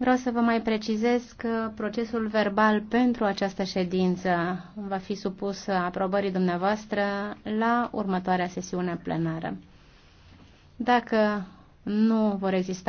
Vreau să vă mai precizez că procesul verbal pentru această ședință va fi supus aprobării dumneavoastră la următoarea sesiune plenară. Dacă nu vor exista